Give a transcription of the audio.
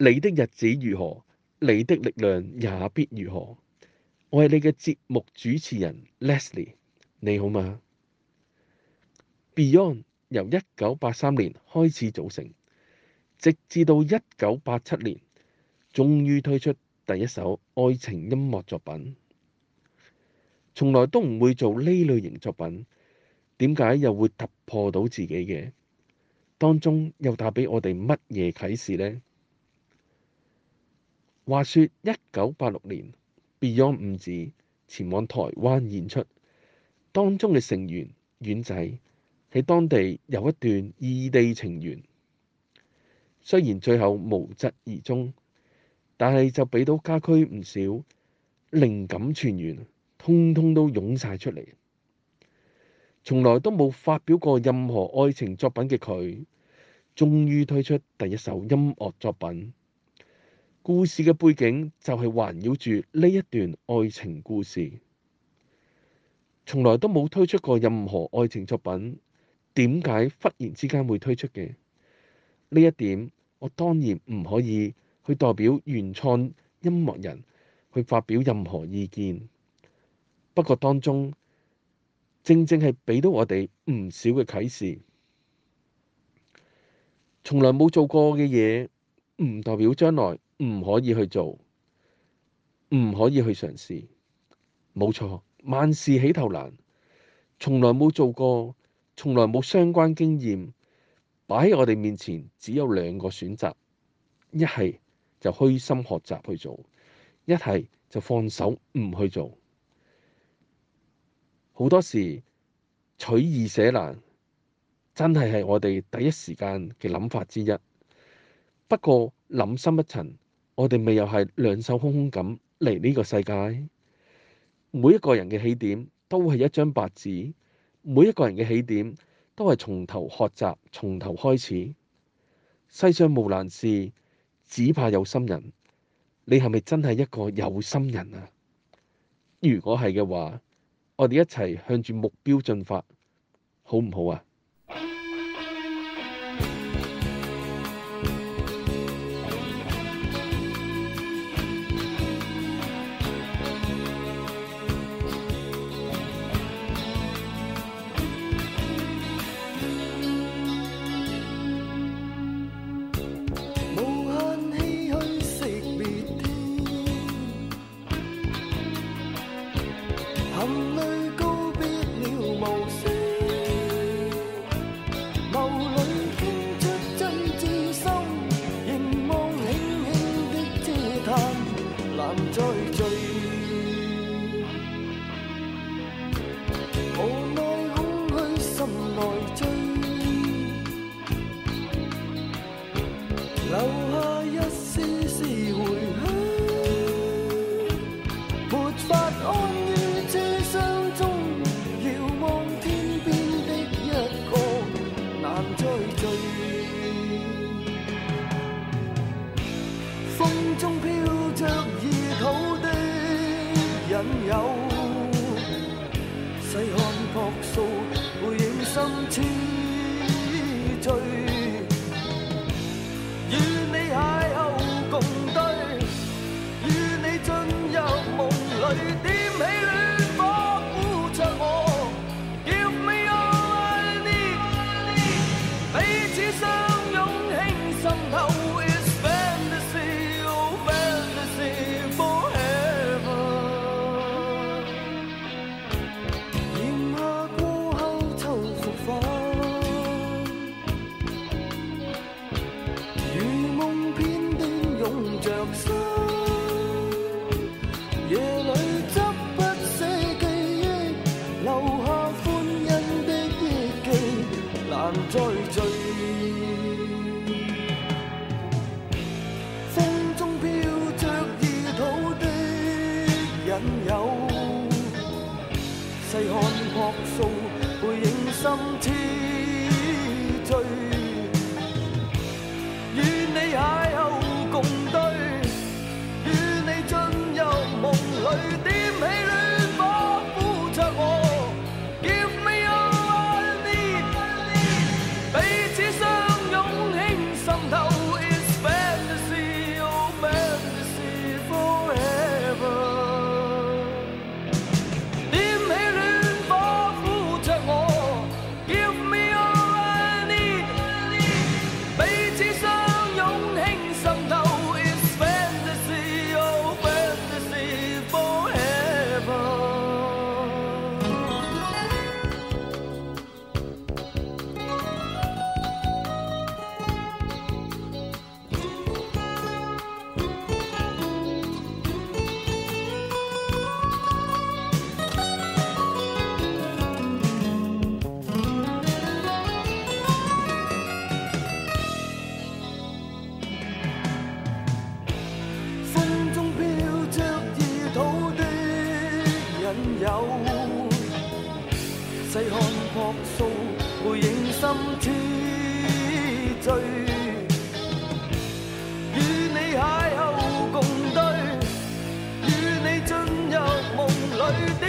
你的日子如何，你的力量也必如何。我係你嘅節目主持人 Leslie，你好嗎？Beyond 由一九八三年開始組成，直至到一九八七年，終於推出第一首愛情音樂作品。從來都唔會做呢類型作品，點解又會突破到自己嘅？當中又帶俾我哋乜嘢啟示呢？話說一九八六年，Beyond 五子前往台灣演出，當中嘅成員遠仔喺當地有一段異地情緣。雖然最後無疾而終，但係就畀到家駒唔少靈感泉源，通通都湧晒出嚟。從來都冇發表過任何愛情作品嘅佢，終於推出第一首音樂作品。故事嘅背景就係環繞住呢一段愛情故事，從來都冇推出過任何愛情作品，點解忽然之間會推出嘅？呢一點我當然唔可以去代表原創音樂人去發表任何意見，不過當中正正係畀到我哋唔少嘅啟示，從來冇做過嘅嘢唔代表將來。唔可以去做，唔可以去嘗試，冇錯。萬事起頭難，從來冇做過，從來冇相關經驗，擺喺我哋面前，只有兩個選擇：一係就虛心學習去做，一係就放手唔去做。好多時取易捨難，真係係我哋第一時間嘅諗法之一。不過諗深一層。我哋咪又係兩手空空咁嚟呢個世界，每一個人嘅起點都係一張白紙，每一個人嘅起點都係從頭學習，從頭開始。世上無難事，只怕有心人。你係咪真係一個有心人啊？如果係嘅話，我哋一齊向住目標進發，好唔好啊？細看確數，背影心痴醉，與你邂逅共對，與你進入夢裏。着心，夜裏執不捨記憶，留下歡欣的憶記，難再聚。風中飄着異土的引誘，細看樸素背影深。有，細看樸素背影，心痴醉，與你邂逅共對，與你進入夢裏的。